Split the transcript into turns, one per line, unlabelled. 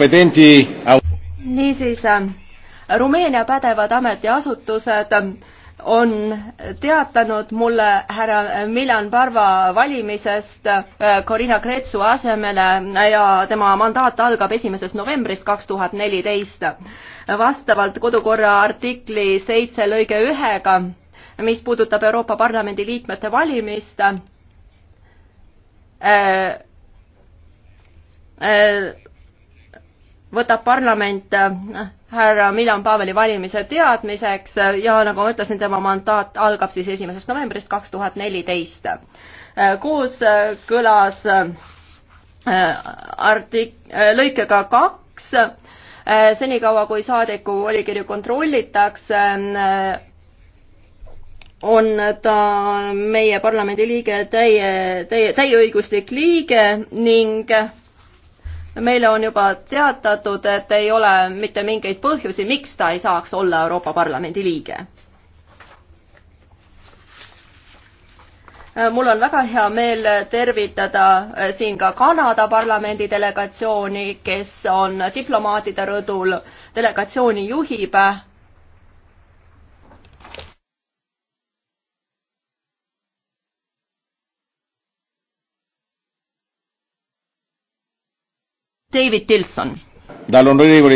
competenti niisiis, äh, Rumeenia pädevad ametiasutused äh, on teatanud mulle härra Milan Parva valimisest äh, Corina Kretsu asemele ja tema mandaat algab esimesest novembrist kaks tuhat neliteist. vastavalt kodukorra artikli seitse lõige ühega, mis puudutab Euroopa Parlamendi liikmete valimist äh,, äh, võtab parlament äh, härra Milan Paveli valimise teadmiseks äh, ja nagu ma ütlesin, tema mandaat algab siis esimesest novembrist kaks tuhat neliteist. Äh, koos kõlas artik-, lõikega kaks, senikaua kui saadiku volikirju kontrollitakse, on ta meie parlamendi liige, täie, täie, täieõiguslik liige ning äh, meile on juba teatatud, et ei ole mitte mingeid põhjusi, miks ta ei saaks olla Euroopa Parlamendi liige. mul on väga hea meel tervitada siin ka Kanada parlamendi delegatsiooni, kes on diplomaatide rõdul. delegatsiooni juhib David Tilson.